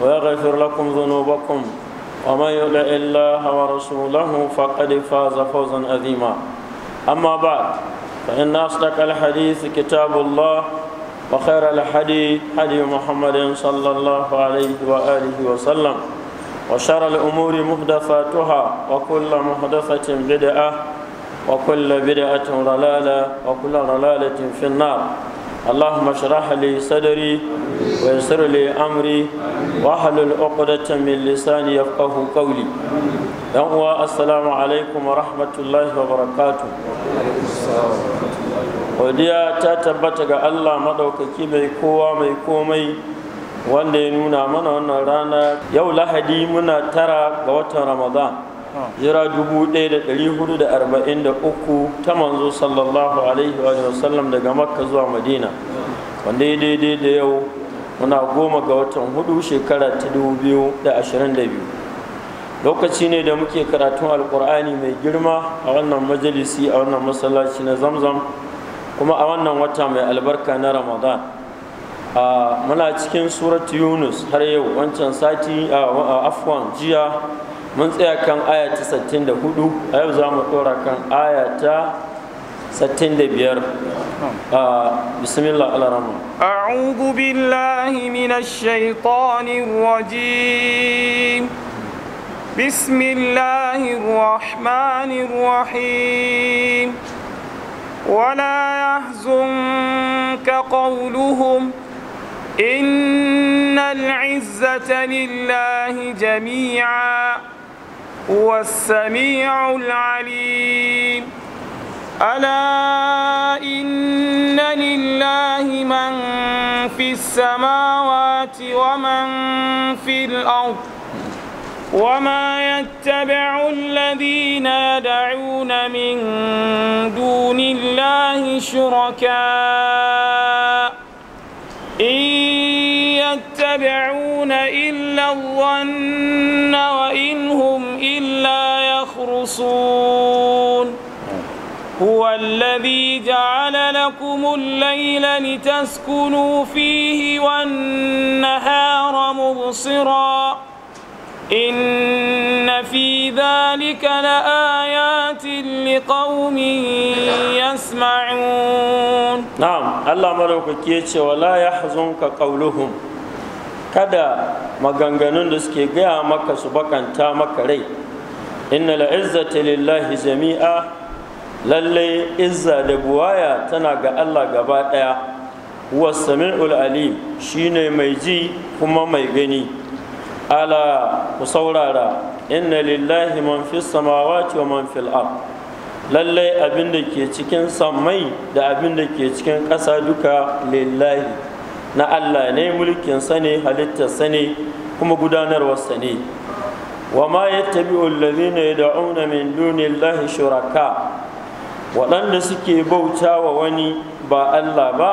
ويغفر لكم ذنوبكم ومن يطع الله ورسوله فقد فاز فوزا عظيما أما بعد فإن أصدق الحديث كتاب الله وخير الحديث حديث محمد صلى الله عليه وآله وسلم وشر الأمور محدثاتها وكل محدثة بدعة وكل بدعة ضلالة وكل ضلالة في النار اللهم اشرح لي amri, ويسر لي امري واحلل عقدة من لساني يفقه قولي dan uwa assalamu alaikum wa rahmatullahi wa barakatu godiya ta tabbata ga allah maɗaukaki mai kowa mai komai wanda ya nuna mana wannan rana yau lahadi muna tara ga watan ramadan Oh. jira dubu ɗaya 1443 ta manzo sallallahu alaihi wa sallam daga makka zuwa madina wanda ya daidai da yau muna goma ga watan hudu shekara ta da 2022 lokaci ne da muke karatun alkur'ani mai girma a wannan majalisi a wannan masallaci na zamzam kuma a wannan wata mai albarka na ramadan a muna cikin suratu yunus har yau wancan sati a afwan jiya mun tsaya kan aya ta 64 a yau za mu tsora kan aya ta 65 a bismillah al-rahman a'udhu billahi minash shaitanir rajim bismillahir rahmanir rahim ولا يحزنك قولهم إن العزة لله جميعاً هو السميع العليم ألا إن لله من في السماوات ومن في الأرض وما يتبع الذين يدعون من دون الله شركاء إن يتبعون إلا الظن وإن هم لا يخرصون هو الذي جعل لكم الليل لتسكنوا فيه والنهار مبصرا إن في ذلك لآيات لقوم يسمعون نعم الله ملوك كيتش ولا يحزنك قولهم kada maganganun da suke gaya maka su bakanta maka rai inna la'izzata lillahi jami'a lalle izza da buwaya tana ga Allah gaba ɗaya huwa sami'ul alim shine mai ji kuma mai gani ala ku saurara inna lillahi man fi samawati wa man fil ard lalle abin da ke cikin sammai da abin da ke cikin ƙasa duka lillahi na Allah ne mulkin sa ne sa ne kuma gudanarwarsa ne وما يتبع الذين يدعون من دون الله شركاء waɗanda suke bauta wa wani ba Allah ba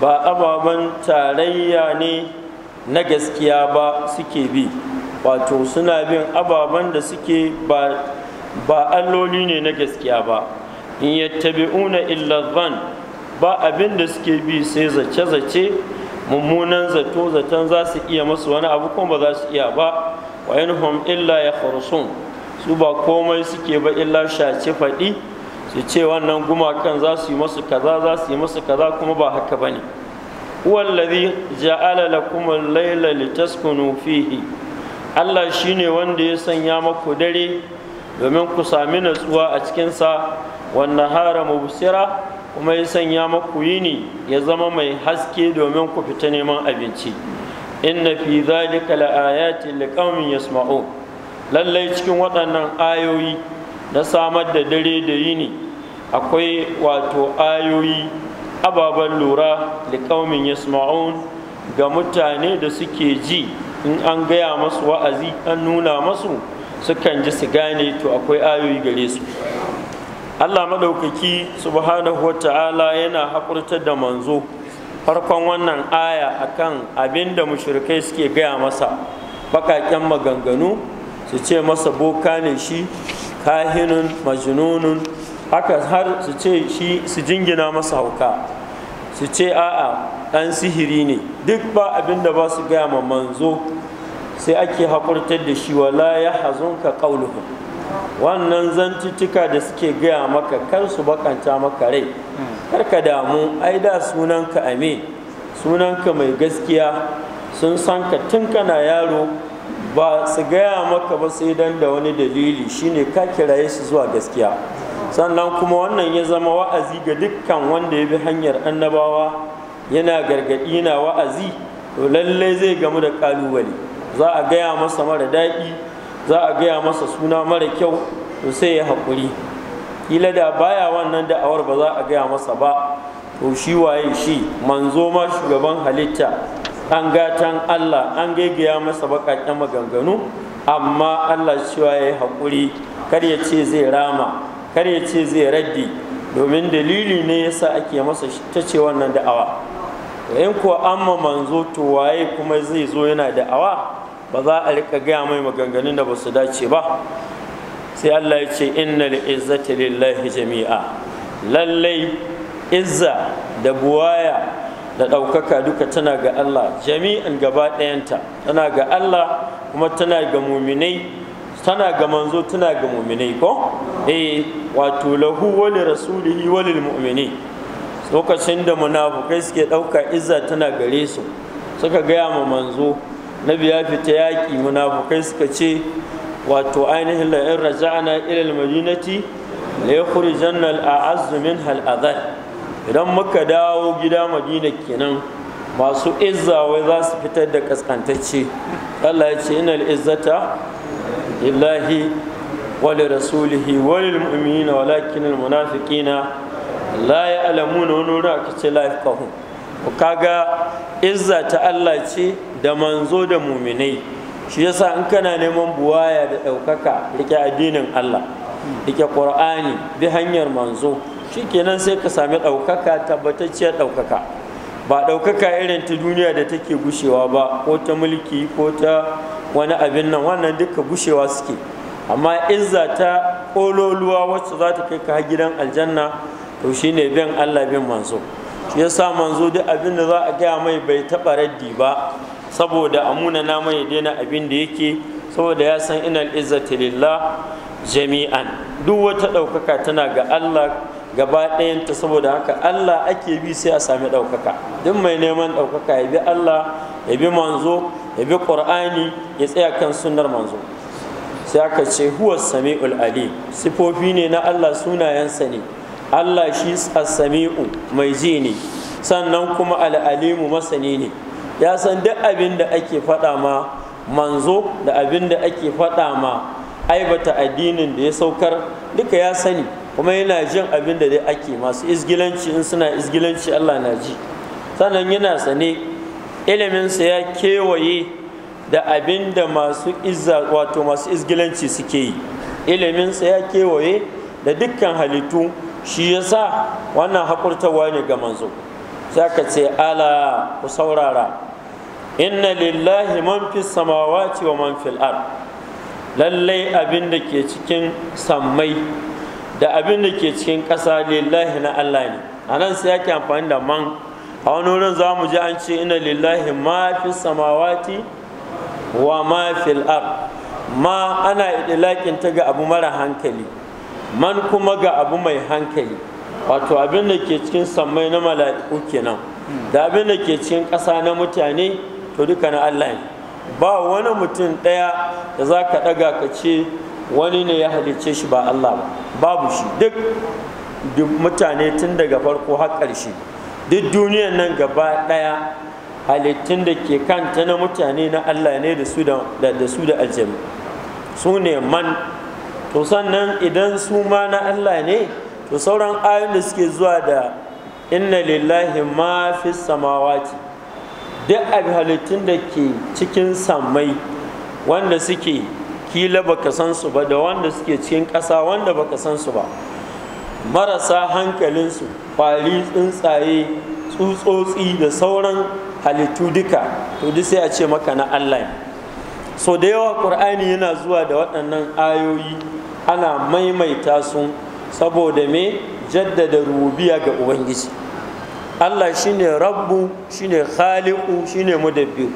ba ababen tarayya ne na gaskiya ba suke bi wato suna bin ababen da suke ba alloli ne na gaskiya ba in yattabi'una illa zan ba abin da suke bi sai zace-zace mummunan zato zaton za su iya masu wani abu kuma ba za su iya ba wa yanhum illa yakhrusun su ba komai suke ba illa shace faɗi su ce wannan gumakan za su yi masu kaza za su yi masu kaza kuma ba haka bane huwa alladhi ja'ala lakum al-layla litaskunu fihi Allah shine wanda ya sanya maku dare domin ku sami natsuwa a cikinsa wannan hara mubsira kuma ya sanya maku yini ya zama mai haske domin ku fita neman abinci inna fi zalika li qaumin yasma'u lallai cikin waɗannan ayoyi na samar da dare da yini akwai wato ayoyi ababen lura qaumin yasma'un ga mutane da suke ji in an gaya masu wa'azi an nuna masu sukan ji su gane to akwai ayoyi gare su Allah madaukaki subhanahu wa ta'ala yana haƙurtar da manzo farkon wannan aya akan abin da mushrikai suke gaya masa bakaken maganganu su ce masa boka ne shi kahinun majinunun haka har su ce shi su jingina masa hauka su ce a'a ɗan sihiri ne duk ba abin da ba su gaya ma manzo sai ake haƙurtar da shi wala ya hazunka ƙauluhun wannan zantuttuka da suke gaya maka kar su bakanta maka rai kar ka damu ai da sunanka amin sunanka mai gaskiya sun san ka tun kana yaro ba su gaya maka ba sai dan da wani dalili shine ka kiraye su zuwa gaskiya sannan kuma wannan ya zama wa'azi ga dukkan wanda ya bi hanyar annabawa yana gargaɗi na wa'azi to lallai zai gamu da ƙalubale za a gaya masa mara daɗi za a gaya masa suna mara kyau to sai ya haƙuri kila da baya wannan da'awar ba za a gaya masa ba to shi waye shi manzo ma shugaban halitta an gatan Allah an gaigaya masa baƙaƙen maganganu amma Allah cewa ya yi haƙuri kar ya ce zai rama kar ya ce zai raddi domin dalili ne yasa ake masa ta ce wannan da'awa in kuwa amma manzo to waye kuma zai zo yana da'awa ba za a rika gaya mai maganganun da ba su dace ba sai Allah ya ce innal izzata lillahi jami'a lallai izza da buwaya da ɗaukaka duka tana ga Allah jami'an gaba ɗayanta tana ga Allah kuma tana ga muminai tana ga manzo tana ga muminai ko eh wato lahu wa li rasulihi wa lil mu'mini lokacin da munafukai suke ɗauka izza tana gare su suka gaya ma manzo nabi ya fita yaƙi munafukai suka ce wato ainihin la'in raja'ana ilil madinati la ya kuri a'azz a azumin haladar. idan muka dawo gida madina kenan masu izzawai za su fitar da kaskantacce Allah ya ce inal izzata lillahi wa rasulihi wa mu'minina walakin al munafiqina la ya'lamuna wa nuru akace la yafqahun kaga izza ta Allah ce da manzo da mu'minai shi yasa in kana neman buwaya da ɗaukaka rike addinin Allah rike Qur'ani bi hanyar manzo shikenan sai ka sami ɗaukaka tabbatacciyar ɗaukaka ba ɗaukaka irin ta duniya da take gushewa ba ko ta mulki ko ta wani abin nan wannan duka gushewa suke amma izza ta ƙololuwa wacce za ta kai ka har gidan aljanna to shine bin Allah bin manzo shi yasa manzo duk abin da za a gaya mai bai taɓa raddi ba saboda amuna na mai daina abin da yake saboda ya san inal izzati lillah jami'an duk wata ɗaukaka tana ga Allah gaba ɗayanta saboda haka Allah ake bi sai a sami ɗaukaka duk mai neman ɗaukaka ya bi Allah ya bi manzo ya bi ƙur'ani ya tsaya kan sunar manzo sai aka ce huwa sami'ul ali sifofi ne na Allah sunayensa ne Allah shi as-sami'u mai ji ne sannan kuma al-alimu masani ne ya san duk abin da ake faɗa ma manzo da abin da ake faɗa ma aibata addinin da ya saukar duka ya sani kuma yana jin abin da ake masu izgilanci in suna izgilanci Allah na ji sannan yana sane iliminsa ya kewaye da abin da masu izza wato masu izgilanci suke yi iliminsa ya kewaye da dukkan halittu shi yasa wannan hakurtawa ne ga manzo za ka ce ala ku saurara inna lillahi man fi samawati wa man fil ard lallai abin da ke cikin sammai da abin da ke cikin ƙasa lillahi na Allah ne a nan sai yake amfani da man a wani wurin za mu ji an ce inna lillahi ma fi samawati wa ma fil ard ma ana idilakin ta ga abu mara hankali man kuma ga abu mai hankali wato abin da ke cikin sammai na mala'iku kenan da abin da ke cikin ƙasa na mutane to duka na Allah ne ba wani mutum ɗaya da za ka ɗaga ka ce wani ne ya halicce shi ba Allah ba babu shi duk mutane tun daga farko har ƙarshe duk duniyan nan gaba ɗaya halittun da ke kanta na mutane na Allah ne da su da aljami su ne man to sannan idan su ma na Allah ne to sauran ayoyin da suke zuwa da inna lillahi ma fi samawati duk abin halittun da ke cikin samai wanda suke kila baka san su ba da wanda suke cikin ƙasa wanda baka san su ba marasa hankalinsu kwari tsuntsaye tsutsotsi da sauran halittu duka to duk sai a ce maka na Allah so da yawa ƙur'ani yana zuwa da waɗannan ayoyi ana maimaita su saboda me jaddada rububiya ga ubangiji Allah shine rabbu shine khaliqu shine mudabbiru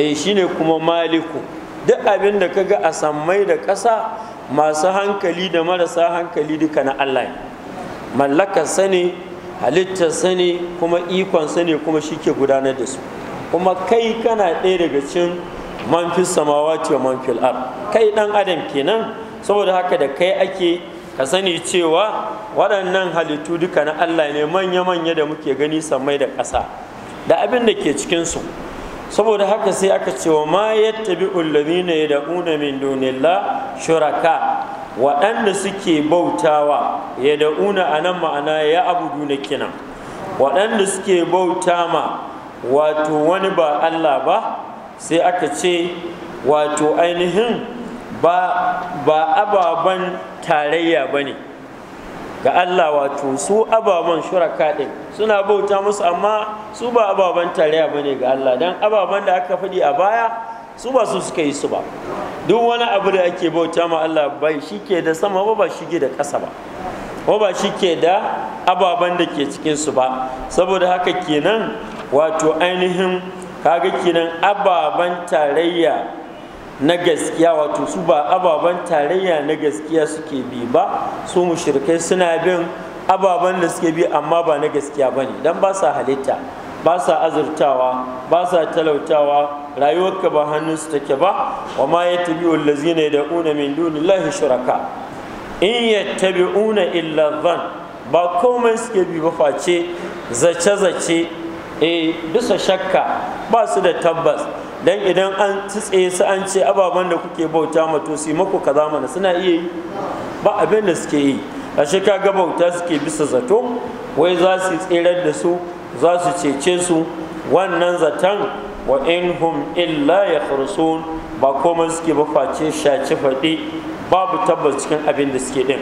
eh shine kuma maliku duk abin da kaga a sammai da ƙasa masu hankali da marasa hankali duka na Allah ne mallakar sani halittar sani kuma ikon sani kuma shike gudanar da su kuma kai kana ɗaya daga cikin manfi samawati wa manfil kai ɗan adam kenan saboda haka da kai ake ka sani cewa waɗannan halittu duka na Allah ne manya-manya da muke gani sammai da ƙasa da abin da ke cikinsu saboda haka sai aka cewa yadda bi ullami yattabi ulladhina yad'una min dunillah shuraka waɗanda suke bautawa ya a nan ma'ana ya duna kinan waɗanda suke bauta ma wato wani ba Allah ba sai aka ce wato ainihin ba ababen tarayya ba ne ga Allah wato su ababen shuraka ɗin suna bauta musu amma su ba ababen tarayya ba ne ga Allah don ababen da aka faɗi a baya su ba su suka yi su ba duk wani abu da ake bauta ma Allah bai shi ke da sama ba ba shi ke da ƙasa ba ko ba shi ke da ababen da ke cikinsu ba saboda haka kenan wato ainihin kaga kenan ababen tarayya na gaskiya wato su ba ababen tarayya na gaskiya suke bi ba su mushrikai suna bin ababen da suke bi amma ba na gaskiya ba ne don ba sa halitta ba sa azurtawa ba sa talautawa rayuwarka ba hannunsu take ba wa ma ya tabi wallazi ne da una min lahi shuraka in ya tabi una illa zan ba komai suke bi ba face zace-zace eh bisa shakka ba su da tabbas dan idan an tsitse su an ce ababen da kuke bauta ma to su maku ka zamana suna iya yi ba abin da suke yi ashe ga bauta suke bisa zato wai za su tserar da su za su cece su wannan zaton wa in hum illa ya ba komai suke ba face shaci faɗi babu tabbas cikin abin da suke din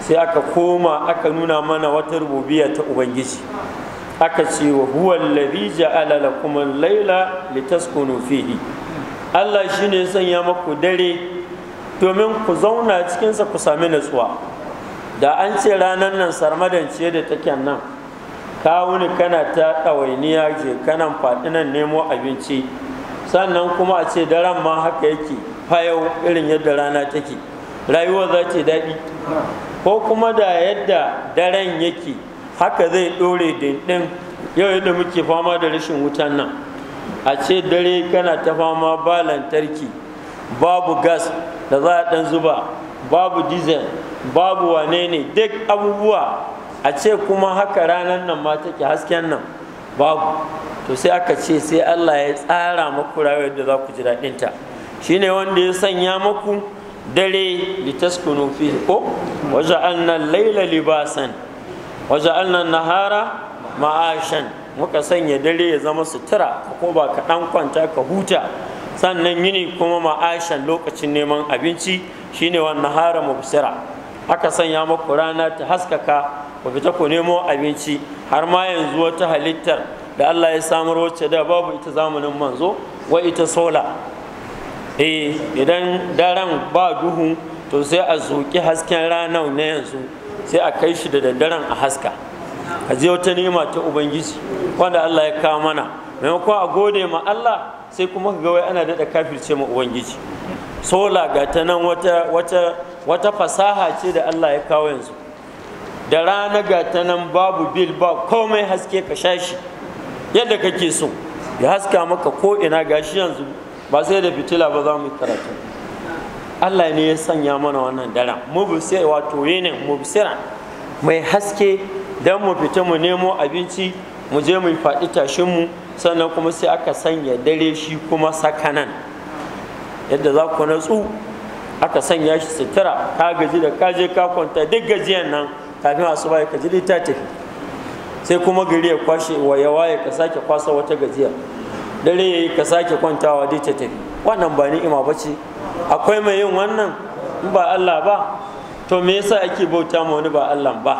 sai aka koma aka nuna mana wata rububiya ta ubangiji aka ce wa huwa allazi ja'ala lakum al-laila litaskunu fihi Allah shine ya sanya maku dare domin ku zauna cikinsa ku sami nutsuwa. da an ce ranar nan sarmadan ce da take nan ka wuni kana ta ɗawainiya je kanan faɗinan nemo abinci sannan kuma a ce daren ma haka yake fayau irin yadda rana take rayuwa za ce daɗi ko kuma da yadda daren yake haka zai ɗore dindin yau yadda muke fama da rashin wutan nan a ce dare kana ta fama ba lantarki babu gas da za a ɗan zuba babu diesel babu wane ne duk abubuwa a ce kuma haka ranar nan ma take hasken nan babu to sai aka ce sai Allah ya tsara maku rayuwar da za ku ji daɗinta shine wanda ya sanya maku dare litaskunu fi ko wajen annan laila libasan waja'alna nahara ma'ashan muka sanya dare ya zama sutura ko ba ka dan kwanta ka huta sannan yini kuma ma'ashan lokacin neman abinci shine wannan nahara mubsira aka sanya maku rana ta haskaka ku fita ku nemo abinci har ma yanzu wata halittar da Allah ya samar wacce da babu ita zamanin manzo wa ita sola eh idan daren ba duhu to sai a zoki hasken ranar na yanzu sai a kai shi da daddaren a haska a je wata nema ta ubangiji wanda Allah ya kawo mana maimakon a gode ma Allah sai kuma ga wai ana daɗa kafirce ma ubangiji sola ga ta nan wata fasaha ce da Allah ya kawo yanzu da rana ga ta nan babu bil ba komai haske ka sha shi. yadda kake so ya haska maka ko ina gashi yanzu ba sai da fitila ba za mu yi karatu Allah ne ya sanya mana wannan daren mubsir wato yinin mubsira mai haske don mu fita mu nemo abinci mu je mu faɗi tashin mu sannan kuma sai aka sanya dare shi kuma sakanan yadda za ku natsu aka sanya shi sutura ka gaji da ka je ka kwanta duk gajiyan nan kafin asuba ka ji ta tafi sai kuma gari ya kwashe ya waye ka sake kwasa wata gajiya dare ya yi ka sake kwantawa duk ta tafi wannan ba ni'ima ba ce akwai mai yin wannan in ba Allah ba to me yasa ake bauta ma wani ba Allah ba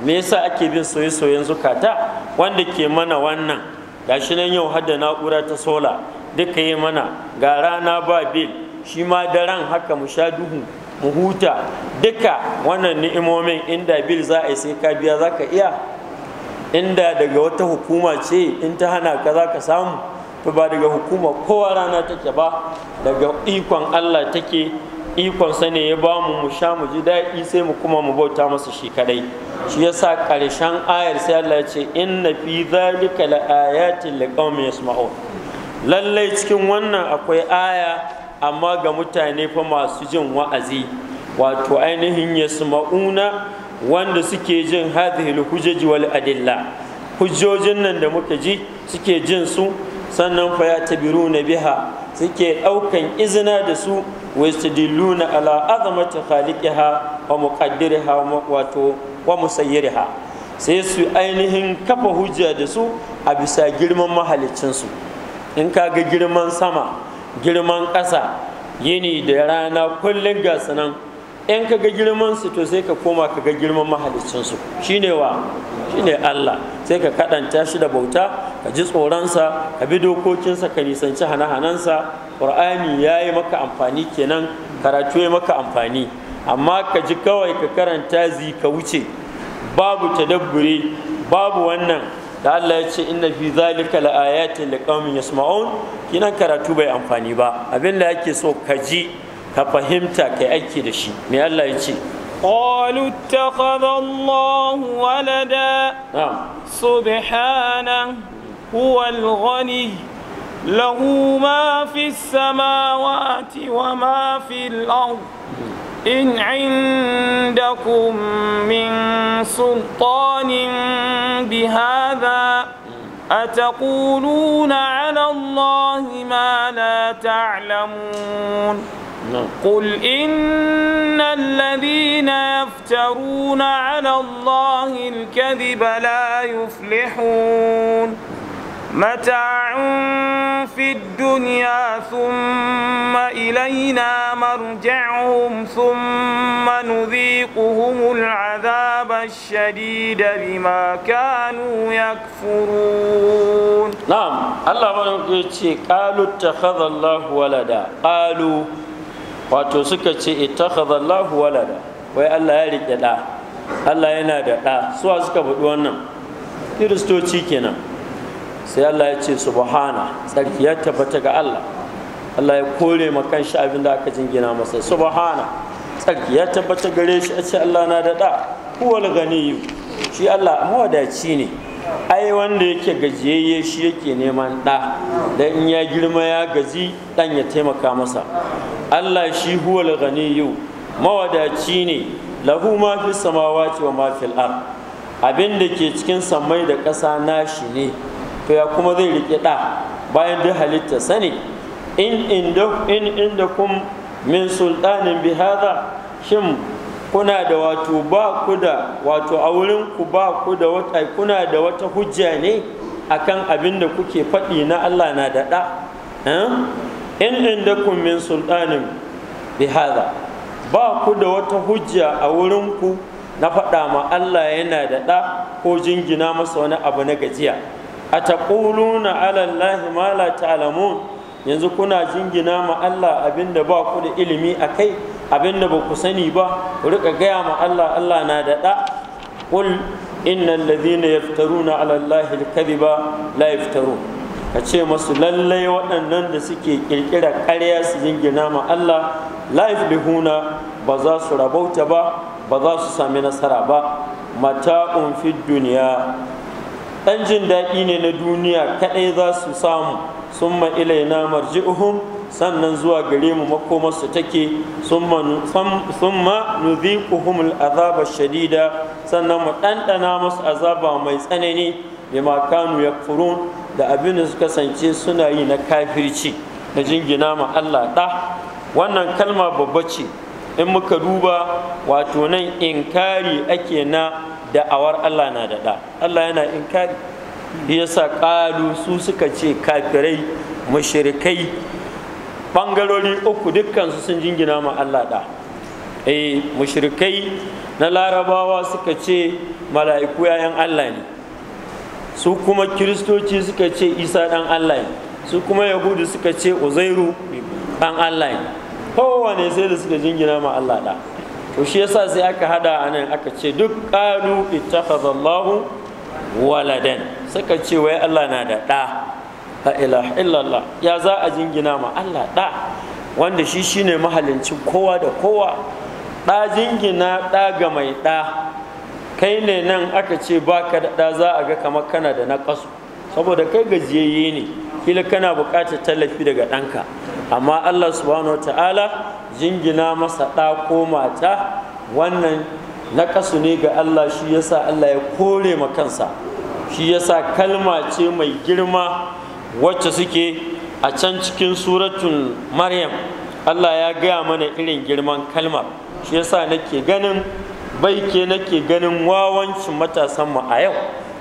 me yasa ake bin soye-soyen zukata wanda ke mana wannan gashi nan yau hada na'ura ta sola duka yi mana ga rana ba bil shi ma daren haka mu sha duhu mu huta duka wannan ni'imomin inda bil za a yi sai ka biya za ka iya inda daga wata hukuma ce in ta hana ka za ka samu to ba daga hukuma kowa rana take ba daga ikon Allah take ikon sa ne ya ba mu mu sha mu ji daɗi sai mu kuma mu bauta masa shi kadai shi yasa ƙarshen ayar sai Allah ya ce inna fi zalika la ayatin liqaumin yasma'un lallai cikin wannan akwai aya amma ga mutane fa masu jin wa'azi wato ainihin yasma'una wanda suke jin hadhihi hujaj wal adilla hujjojin nan da muka ji suke jin su sannan fa ya tabiru na biha suke ɗaukan izina da su dillu na ala khaliki ha wa ha wato wa ha. sai su ainihin kafa hujja da su a bisa girman mahalicinsu in ka ga girman sama girman ƙasa yini da rana kullum ga sanan in ka ga girman su to sai ka koma ka ga girman mahalicinsu su shine wa shine Allah sai ka kaɗanta shi da bauta ka ji tsoronsa ka bi dokokinsa ka nisanci hana-hanansa ƙur'ani ya yi maka amfani kenan karatu ya maka amfani amma ka ji kawai ka karanta zi ka wuce babu tadabbure babu wannan da Allah ya ce inna fi zalika laayatin liqaumin yasma'un kinan karatu bai amfani ba abin da yake so ka ji ka fahimta kai aiki da shi me Allah ya ce قالوا اتخذ الله ولدا سبحانه هو الغني له ما في السماوات وما في الأرض إن عندكم من سلطان بهذا أتقولون على الله ما لا تعلمون نعم. قل إن الذين يفترون على الله الكذب لا يفلحون متاع في الدنيا ثم إلينا مرجعهم ثم نذيقهم العذاب الشديد بما كانوا يكفرون نعم الله قالوا اتخذ الله ولدا قالوا wato suka ce ittakhadha Allahu walada wai Allah ya rike da Allah yana da suwa suka faɗi wannan kiristoci kenan sai Allah ya ce subhana tsarki ya tabbata ga Allah Allah ya kore ma shi abin da aka jingina masa subhana tsarki ya tabbata gare shi a ce Allah na da huwal ganiyu shi Allah mawadaci ne ai wanda yake gajiyayye shi yake neman ɗa da in ya girma ya gaji ɗan ya taimaka masa allah shi huwal ghaniyu mawadaci ne lahu ma fi samawati wa ma fil abin da ke cikin samai da ƙasa nashi ne to ya kuma zai riƙe ɗa bayan da halitta sani in inda kun min sultanin bihada shin kuna da wato ba ku da wato a wurin ku ba ku da wata kuna da wata hujja ne akan abin da kuke faɗi na Allah na da ɗa eh? in inda kun min sultanin bihada ba ku da wata hujja a wurin ku na faɗa ma Allah yana da ɗa ko jingina masa wani abu na gajiya a ala allahi ma la ta'lamun yanzu kuna jingina ma Allah abinda ba ku da ilimi akai abinda ba ku sani ba ku rika gaya ma Allah Allah na da da qul innal ladhina yaftaruna ala allahi alkadhiba la yaftarun ka ce masu lallai waɗannan da suke ƙirƙira ƙarya su jingina ma Allah liflihuna ba za su rabauta ba ba za su sami nasara ba mata'un fi duniya ɗan jin daɗi ne na duniya kaɗai za su samu sun ilaina marji'uhum sannan zuwa gare mu makomarsu take sun ma nuziquhum al'azaba shadida sannan mu ɗanɗana masu azaba mai tsanani bima kanu furun. da abin da suka sance suna yi na kafirci na jingina ma Allah ɗa wannan kalma babba ce in muka duba wato nan inkari ake na Da awar Allah na da da Allah yana inkari yasa ƙalu su suka ce kafirai mushrikai bangarori uku dukkansu sun jingina ma Allah da eh mushrikai na larabawa suka ce mala'iku yayan Allah ne su kuma kiristoci suka ce isa dan Allah ne su kuma yahudu suka ce uzairu dan Allah ne kowane sai da suka jingina ma Allah da. to shi yasa sai aka hada anan aka ce duk qalu ittakhadha Allahu waladan suka ce wai Allah na da da la ilaha illallah ya za a jingina ma Allah da wanda shi shine mahalincin kowa da kowa da jingina da ga mai da kai ne nan aka ce baka da da za a ga kamar kana da na saboda kai gajiyayye ne kila kana buƙatar tallafi daga ɗanka amma Allah subhanahu ta'ala jingina masa ɗa ko mata wannan naƙasu ne ga Allah shi yasa Allah ya kore ma kansa shi yasa kalma ce mai girma wacce suke a can cikin suratun maryam Allah ya gaya mana irin girman kalmar shi yasa nake ganin baike nake ganin wawancin matasanmu a yau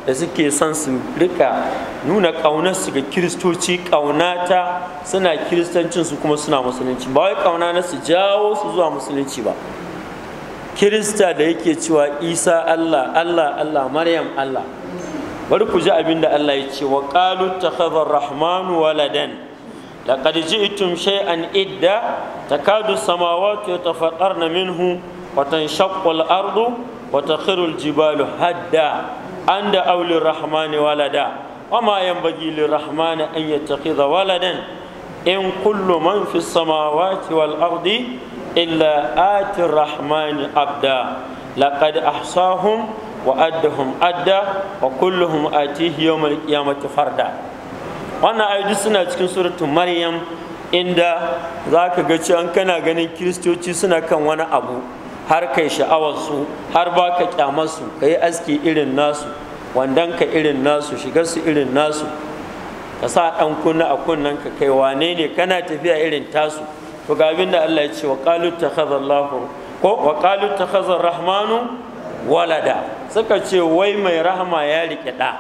da suke son su rika nuna ƙaunar su ga kiristoci ƙaunata suna kiristancin su kuma suna musulunci ba wai ƙauna na su jawo su zuwa musulunci ba kirista da yake cewa isa allah allah allah maryam allah bari ku ji abin da allah ya ce wa qalu takhadha rahmanu waladan لقد جئتم شيئا إدا تكاد السماوات يتفطرن منه وتنشق الأرض وتخر Jibalu hadda. anda da aulin rahmani walada wama yan bagi lirrahmani an yattakhidha waladan in kullu man fi samawati wal ardi illa ati rahmani abda laqad ahsahum wa addahum adda wa kulluhum atihi yawmal qiyamati farda wannan ayoyi suna cikin suratu maryam inda zaka ga cewa kana ganin kiristoci suna kan wani abu har kai sha'awarsu har ba ka kyamarsu ka yi aski irin nasu wandanka irin nasu su irin nasu ka sa ɗan kunna a kunnen ka kai wane ne kana tafiya irin tasu to ga abin da Allah ya ce wa qalu takhazallahu ko wa rahmanu walada suka ce wai mai rahama ya rike da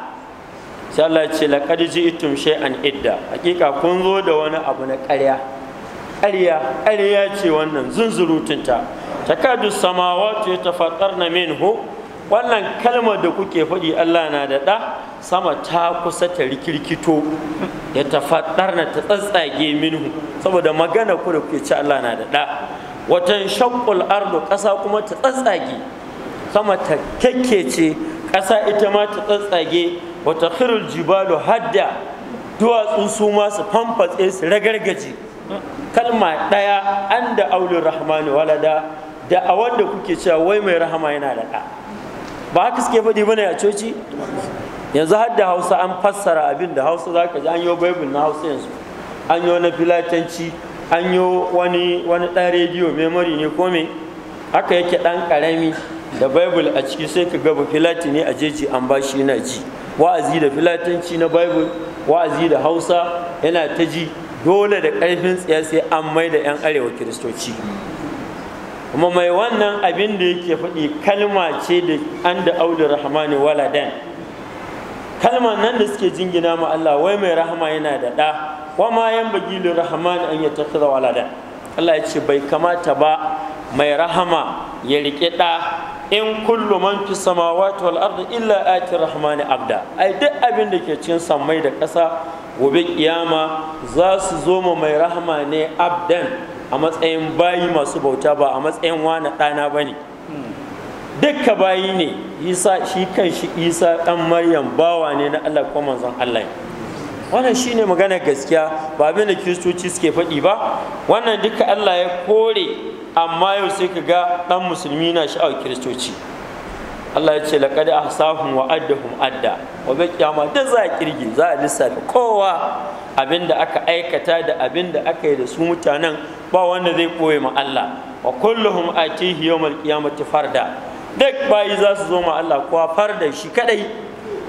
sai Allah ya ce laqad ji'tum shay'an idda hakika kun zo da wani abu na ƙarya ƙarya ƙarya ce wannan zunzurutunta takadu samawati yatafattarna minhu wannan kalmar da kuke faɗi Allah na da ɗa sama ta kusa ta rikirkito ya tafattarna ta tsatsage minhu saboda magana ku da kuke ci Allah na da ɗa watan shaqqul ardu ƙasa kuma ta tsatsage sama ta kekkece ƙasa ita ma ta tsatsage wata khirul jibalu hadda duwatsu su ma su famfatse su ragargaje kalma ɗaya an da aulin rahmanu walada da a wanda kuke cewa wai mai rahama yana da ɗa ba haka suke faɗi bane a coci yanzu har da hausa an fassara abin da hausa za ka ji an yi baibul na hausa yanzu an yi wani filatanci an yi wani wani ɗan rediyo memori ne ko me haka yake ɗan ƙarami da baibul a ciki sai ka gaba filati ne a jeji an bashi yana ji wa'azi da filatanci na baibul wa'azi da hausa yana ta ji dole da ƙarfin tsiya sai an mai da 'yan arewa kiristoci kuma mai wannan abin da yake faɗi kalma ce da an da audu rahmani waladan kalman nan da suke jingina ma Allah wai mai rahama yana da ɗa wa ma yan bagi lil rahmani an ya tattara waladan Allah ya ce bai kamata ba mai rahama ya rike ɗa in kullu man fi samawati wal ardi illa ati rahmani abda ai duk abin da ke cikin sammai da ƙasa gobe kiyama za su zo mai rahama ne abdan a matsayin bayi masu bauta ba a matsayin wani ɗana ba ne dukka bayi ne isa shi kan shi isa ɗan maryam bawa ne na allah ko manzon allah wannan shi ne magana gaskiya ba abin da kiristoci suke faɗi ba wannan duka allah ya kore amma yau sai ka ga ɗan musulmi na sha'awar kiristoci Allah ya ce a ahsahum wa adda wa bai kyama duk za a kirgi za a lissafi kowa abin da aka aikata da abin da aka yi da su mutanen ba wanda zai ɓoye ma Allah wa kulluhum atihi yawmal qiyamati farda duk bayi za su zo ma Allah kuwa farda shi kadai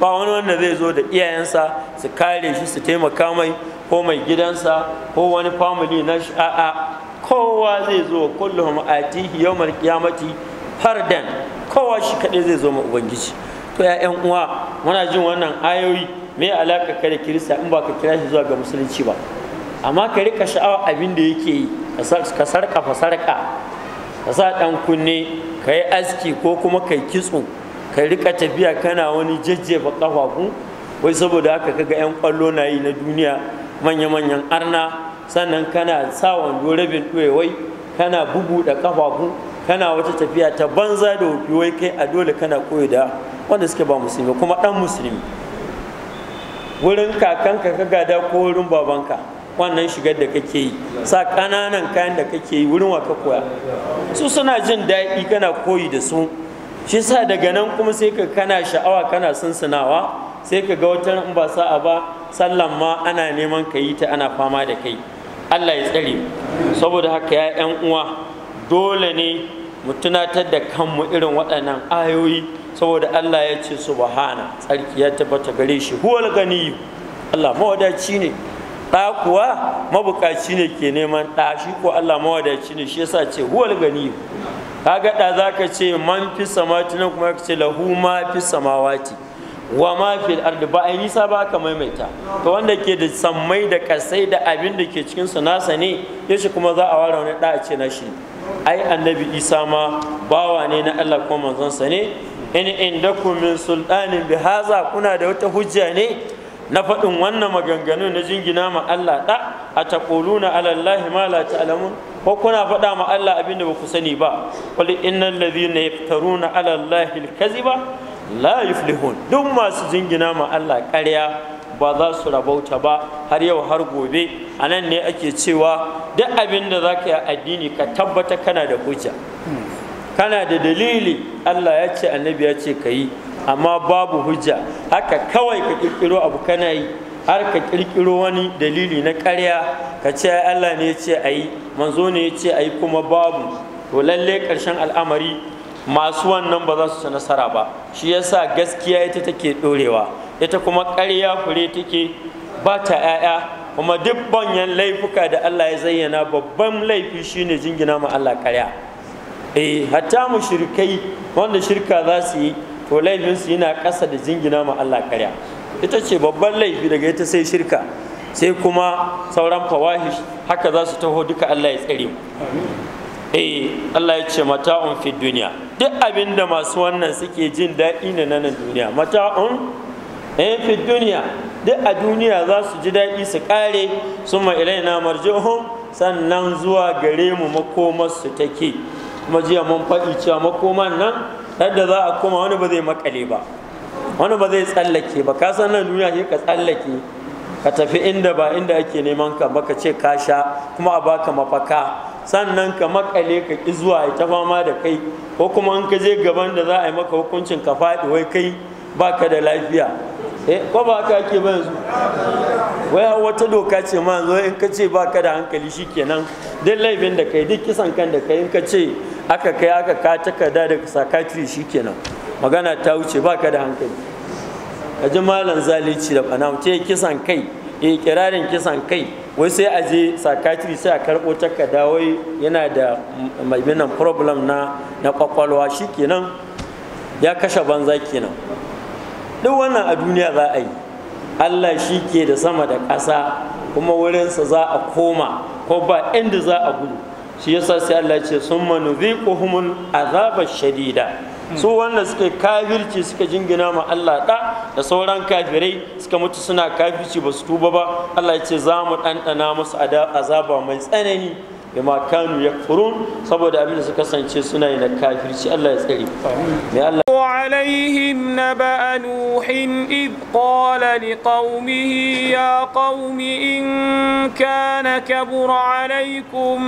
ba wani wanda zai zo da iyayensa su kare shi su taimaka mai ko mai gidansa ko wani family na shi a'a kowa zai zo kulluhum atihi yawmal qiyamati fardan kowa shi kadai zai zo ma ubangiji to ya uwa muna jin wannan ayoyi me alaka ka da kirista in ba ka kira shi zuwa ga musulunci ba amma ka rika sha'awa abin da yake yi ka sarka fa sarka ka sa dan kunne ka yi aski ko kuma ka yi kitso ka rika tafiya kana wani jajjefa kafafu wai saboda haka kaga yan kwallo na yi na duniya manya-manyan arna sannan kana sa wando rabin wai kana bugu da kafafu kana wata tafiya ta banza da wofi wai kai a dole kana koyo da wanda suke ba musulmi kuma dan musulmi wurin kakanka ka gada ko wurin babanka wannan shigar da kake yi sa kananan kayan da kake yi wurin waka koya su suna jin daɗi kana koyi da su shi sa daga nan kuma sai ka kana sha'awa kana sunsunawa sai ka ga wata in ba sa'a ba sallan ma ana neman ka yi ta ana fama da kai Allah ya tsare saboda haka ya 'yan uwa dole ne mu tunatar da kanmu irin waɗannan ayoyi saboda Allah ya ce subhana tsarki ya tabbata gare shi huwal gani Allah mawadaci ne ɗa kuwa mabukaci ne ke neman ɗa shi ko Allah mawadaci ne shi yasa ce huwal Ka kaga za ka ce man fi samawati nan kuma ka ce lahu ma fi samawati wa ma fil ardi ba a nisa ba aka maimaita to wanda ke da sammai da kasai da abin da ke cikin su nasa ne yashi kuma za a ware wani da ce na shi ai annabi isa ma bawa ne na Allah kuma manzon sa ne in indakum min sultanin bihaza kuna da wata hujja ne na faɗin wannan maganganu na jingina ma Allah ɗa a taquluna ala Allahi ma la ta'lamun ko kuna faɗa ma Allah abinda ba ku sani ba qul innal ladhina yaftaruna ala Allahi al-kaziba la yuflihun duk masu jingina ma Allah ƙarya ba za su rabauta ba har yau har gobe a nan ne ake cewa duk abinda zaka a yi addini ka tabbata kana da hujja kana da dalili Allah ya ce annabi ya ce ka yi amma babu hujja haka kawai ka kirkiro abu kana yi har ka kirkiro wani dalili na karya ka ce Allah ne ya ce a yi manzo ne ya ce a yi kuma babu to lalle ƙarshen al'amari masu wannan ba za su ci nasara ba shi yasa gaskiya ita take dorewa, ita kuma karya fure take ba ta 'ya'ya kuma duk banyan laifuka da Allah ya zayyana babban laifi shine jingina ma Allah karya eh hatta mushrikai wanda shirka za su yi to laifinsu yana ƙasa da jingina ma Allah karya ita ce babban laifi daga ita sai shirka sai kuma sauran fawahish haka za su taho duka Allah ya tsare mu eh Allah ya ce mata'un fi duniya duk abinda masu wannan suke jin daɗi ne na nan duniya mata'un eh fi duniya duk a duniya za su ji daɗi su ƙare summa ilaina marjuhum sannan zuwa gare mu su take kuma jiya mun faɗi cewa makoman nan yadda za a koma wani ba zai makale ba wani ba zai tsallake ba ka san nan duniya ce ka tsallake ka tafi inda ba inda ake neman ka ba ka ce ka sha kuma a baka mafaka sannan ka makale ka ki zuwa ya ta fama da kai ko kuma in ka je gaban da za a yi maka hukuncin ka faɗi wai kai baka da lafiya Eh, ko ba haka ake ba yanzu wai har wata doka ce ma yanzu in ka ce ba ka da hankali shikenan duk laifin da kai duk kisan kan da kai in ka ce aka kai aka ka takarda da shi shikenan magana ta wuce ba ka da hankali a ji malam zalici da fana ce kisan kai eh kirarin kisan kai wai sai a je sakatiri sai a karɓo takarda wai yana da mai problem na na kwakwalwa shikenan ya kashe banza kenan duk wannan a duniya za a yi allah shi ke da sama da ƙasa kuma wurinsa za a koma ko ba inda za a gudu shi yasa sai allah ce sun manu zikuhumun azabar shadida su wanda suka kafirci suka jingina ma Allah ɗa, da sauran kafirai suka mutu suna kafirci ba su tuba ba Allah ya ce za mu ɗanɗana musu azaba mai tsanani bima kanu yakfurun saboda abin da su kasance suna yi na kafirci Allah ya tsare mai Allah wa alaihim naba'a nuhin id qala liqaumihi ya qaumi in kana kabura alaikum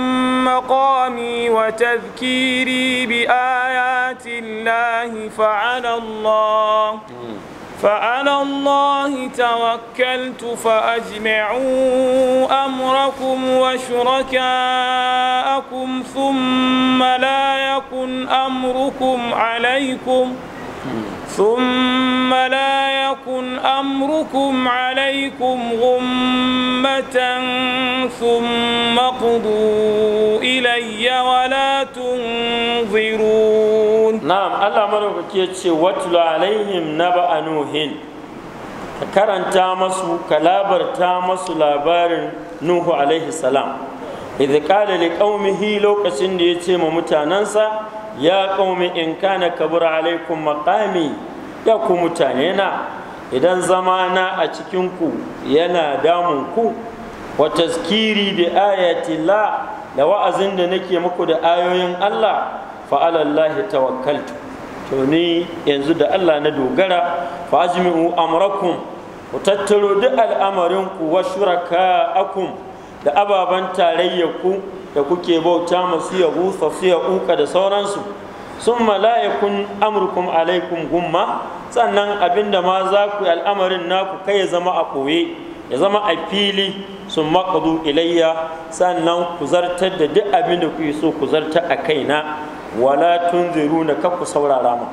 maqami wa tadhkiri bi ayati llahi fa ala allah hmm. فعلى الله توكلت فأجمعوا أمركم وشركاءكم ثم لا يكن أمركم عليكم ۖ ثم لا يكن أمركم عليكم غمة ثم قضوا إلي ولا تنظرون نعم الله مرحبا يتشي واتل عليهم نبأ نوح karanta masu kalabarta masu labarin nuhu alaihi salam idh qala liqaumihi lokacin da ya ce ma mutanansa ya ƙaumi in kana kabura alaikun maqami ya ku mutane na idan zama na a cikinku yana damun ku wa taskiri bi ayati la da wa'azin da nake muku da ayoyin Allah fa ta tawakkaltu to ni yanzu da Allah na dogara fa ajmi'u amrakum ku tattaro duk al'amarinku ku wa shuraka'akum da ababan tarayyaku ku da kuke bauta masu ya gusa su ya uka da sauransu sun mala'ikun amurkun alaikum gumma sannan abinda ma za ku al'amarin naku kai ya zama a koye ya zama a fili sun makadu ilayya sannan ku zartar da duk abin da kuke so ku zarta a kaina wala zuru na ku saurara ma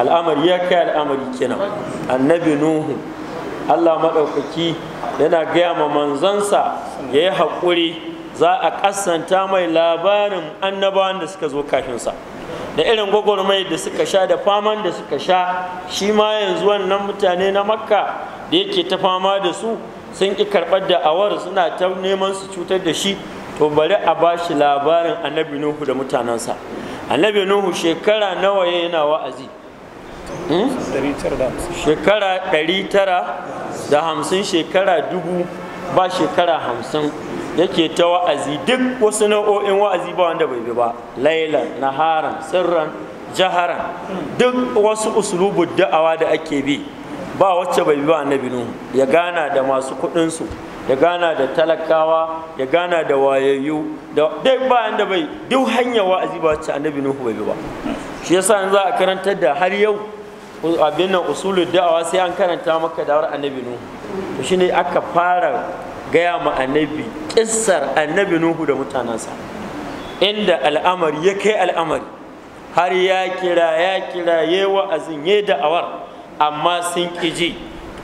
al'amari ya kai al'amari kenan annabi nuhu allah maɗaukaki yana gaya ma manzansa ya yi haƙuri za a kasanta mai labarin annabawan da suka zo kafinsa da irin gwagwarmai da suka sha da faman da suka sha shi ma yanzu wannan mutane na makka da yake ta fama da su sun ƙi karɓar da awar suna ta neman su cutar da shi to bari a ba shi labarin annabi nuhu da mutanensa annabi nuhu shekara nawa ya yana wa'azi hmm? shekara 950 shekara dubu ba shekara hamsin yake ta wa'azi duk wasu nau'o'in wa'azi ba wanda bai bi ba lailan naharan sirran jaharan duk wasu usulubu da'awa da ake bi ba wacce bai bi ba annabi nuhu ya gana da masu kuɗin ya gana da talakawa ya gana da wayayyu da dai ba wanda bai duk hanyar wa'azi ba wacce annabi nuhu bai bi ba shi yasa za a karantar da har yau abin nan usulul da'awa sai an karanta maka dawar annabi nuhu to shine aka fara gaya ma annabi kissar annabi nuhu da mutanensa inda al'amari ya kai al'amari har ya kira ya kira ya yi wa'azin ya yi da'awar amma sun ƙiji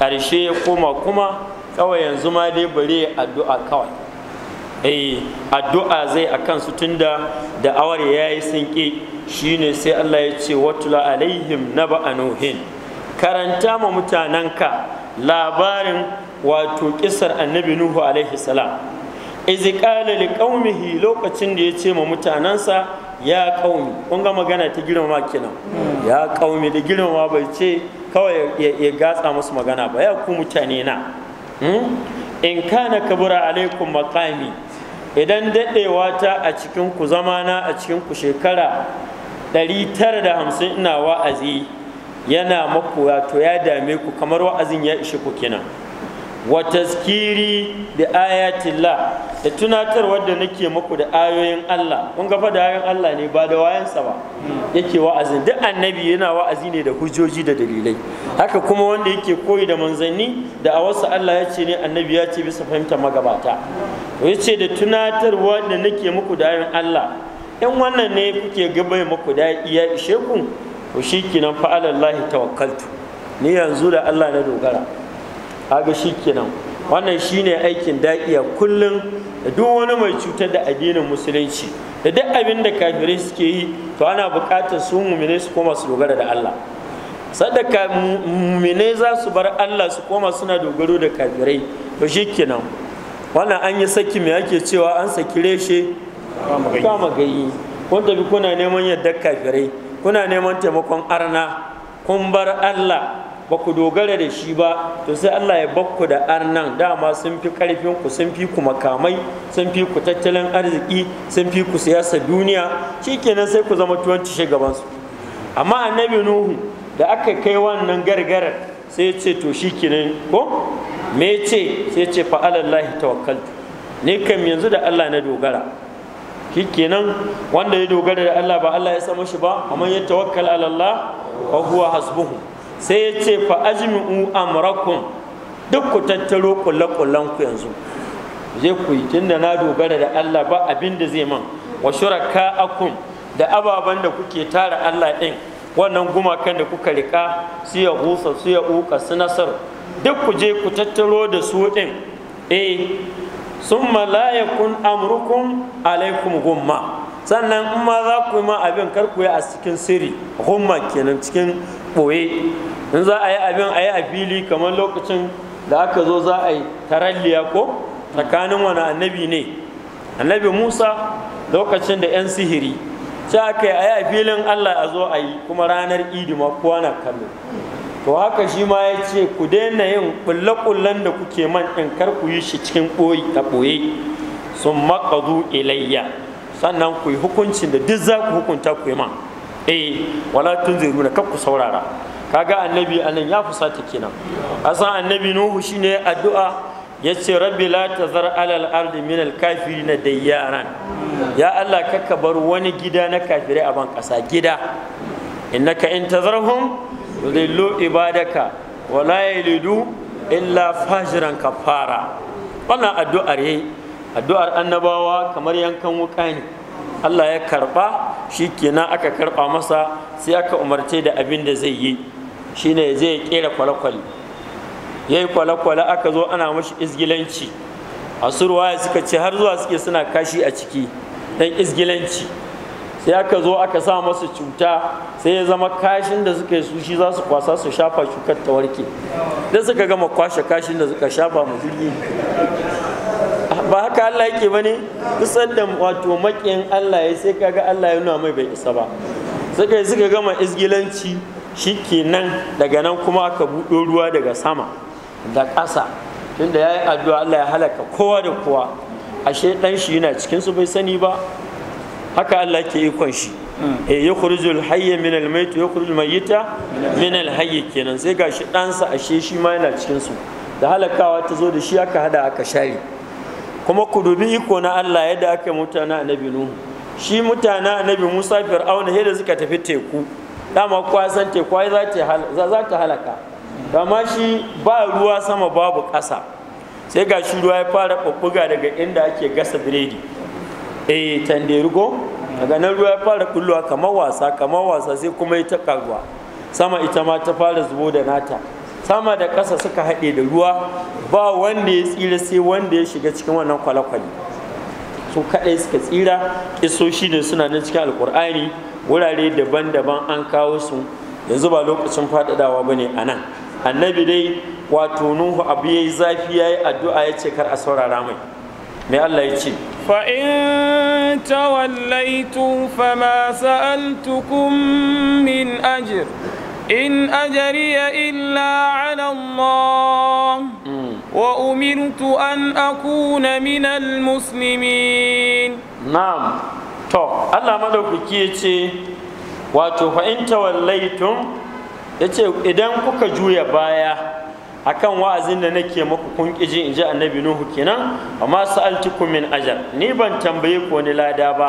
ƙarshe ya kuma kawai yanzu ma dai bare addu'a kawai eh addu'a zai a kansu da da'awar ya yi sun ƙi shi ne sai Allah ya ce watula alaihim na ba'anuhin karanta ma mutanenka labarin wato kisar annabi nuhu alaihi salam izi li qaumihi lokacin da ya ce ma mutanansa ya qaumi kun ga magana ta girmama kenan ya qaumi da girmama bai ce kawai ya gatsa musu magana ba ya ku mutane na hmm? in kana kabura alaikum maqami idan daɗewa ta a cikin ku zamana a cikin ku shekara 950 ina wa'azi yana maku wato ya dame ku kamar wa'azin ya ishi ku kenan wa taskiri da ayatillah da tunatarwa da nake muku da ayoyin Allah kun ga fa da ayoyin Allah ne ba da wayansa ba yake wa'azin duk annabi yana wa'azi ne da hujjoji da dalilai haka kuma wanda yake koyi da manzanni da a wasu Allah ya ce ne annabi ya ce bisa fahimta magabata to yace da tunatarwa da nake muku da ayoyin Allah in wannan ne kuke gaba muku da iya ishe ku to shikenan fa alallahi tawakkaltu ni yanzu da Allah na dogara kaga kenan wannan shine aikin da'iya kullum da duk wani mai cutar da addinin musulunci da duk abin da kafirai suke yi to ana buƙatar su mumine su koma su dogara da Allah sadaka mumine za su bar Allah su koma suna dogaro da kafirai to shikinan wannan an yi saki me ake cewa an saki reshe kama gayi kun tafi kuna neman yadda kafirai kuna neman taimakon arna kun bar Allah ba ku dogara da shi ba to sai Allah ya bakku da arnan dama sun fi karfin ku sun fi ku makamai sun fi ku tattalin arziki sun fi ku siyasa duniya shikenan sai ku zama tuwon tishe gaban su amma annabi nuhu da aka kai wannan gargarar sai ya ce to shikenan ko me ce sai ce fa alallahi tawakkaltu ne kam yanzu da Allah na dogara shikenan wanda ya dogara da Allah ba Allah ya samu shi ba amma ya tawakkal alallah wa huwa hasbuhu sai ya ce fa ajmi'u amrakum duk ku tattaro kullakullan ku yanzu je ku yi tunda na dogara da Allah ba abin da zai man wa shuraka akum da ababan da kuke tara Allah din wannan gumakan da kuka rika su ya husa su ya uka su nasar duk ku je ku tattaro da su din eh summa la yakun amrukum alaikum gumma sannan in ma za ku yi ma abin kar ku yi a cikin sirri humma kenan cikin ɓoye in za a yi abin a yi a fili kamar lokacin da aka zo za a yi taralliya ko tsakanin wani annabi ne annabi musa lokacin da 'yan sihiri sai aka yi a yi a filin allah a zo a yi kuma ranar idi ma kowa na kallo to haka shi ma ya ce ku daina yin kulle-kullen da kuke man in kar ku yi shi cikin ɓoyi ta ɓoye sun maƙazu ilayya sannan ku yi hukuncin da duk za ku hukunta ku yi ma eh wala tun zai nuna ku saurara kaga annabi anan ya fusata kenan asan annabi nuhu shine addu'a ya ce rabbi la tazar alal ardi min al kafirina dayyaran ya Allah kaka bar wani gida na kafirai a ban kasa gida innaka in tazarhum yudillu ibadaka wala la yalidu illa fajiran kafara wannan addu'ar yayi addu'ar annabawa kamar yankan wuka ne Allah ya karba shi kenan aka karba masa sai aka umarce da abin da zai yi shine zai kera kwale-kwale yi kwale-kwale aka zo ana mashi izgilanci a ya suka ce har zuwa suke suna kashi a ciki don izgilanci sai aka zo aka sa masu cuta sai ya zama kashin da suka yi su shi za su kwasa su shafa shukar ta warke da suka gama kwashe kashin da suka shafa mu jirgi ba haka Allah yake ba ne. kusan da wato makiyin Allah ya sai kaga Allah ya nuna mai bai isa ba suka suka gama izgilanci shikenan daga nan kuma aka buɗo ruwa daga sama da ƙasa tunda yi addu'a Allah ya halaka kowa da kowa ashe dan shi yana cikin bai sani ba haka Allah ke ikon shi hmm. eh, ya kurzu alhayya min almayt ya kurzu mayyita min alhayya kenan sai gashi ɗansa ashe shi ma yana cikin su da halakawa ta zo da shi aka hada aka share kuma ku dubi iko na Allah yadda aka mutana annabi Nuhu shi mutane annabi Musa Fir'auna yadda suka tafi teku dama kuwa san teku ai za ta halaka dama shi ba ruwa sama babu ƙasa sai ga shi ruwa ya fara bubbuga daga inda ake gasa biredi eh tanderugo daga nan ruwa ya fara kulluwa kamar wasa kamar wasa sai kuma ya ta ruwa sama ita ma ta fara zubo da nata sama da ƙasa suka haɗe da ruwa ba wanda ya tsira sai wanda ya shiga cikin wannan kwale-kwale su kaɗai suka tsira ƙisoshi ne suna nan cikin alƙur'ani wurare daban-daban an kawo su yanzu ba lokacin faɗaɗawa ba ne a nan annabi dai wato nuhu abu ya yi zafi ya yi addu'a ya ce kar a saurara mai mai allah ya ce فإن توليتم فما سألتكم من أجر إن أجري إلا على الله وأمرت أن أكون من المسلمين نعم to Allah ما ya ce wato فإن توليتم ya ce idan kuka juya baya akan wa'azin da nake muku kun ƙiji in ji annabi Nuhu kenan amma sa'altukum min ajal ni ban tambaye ku wani lada ba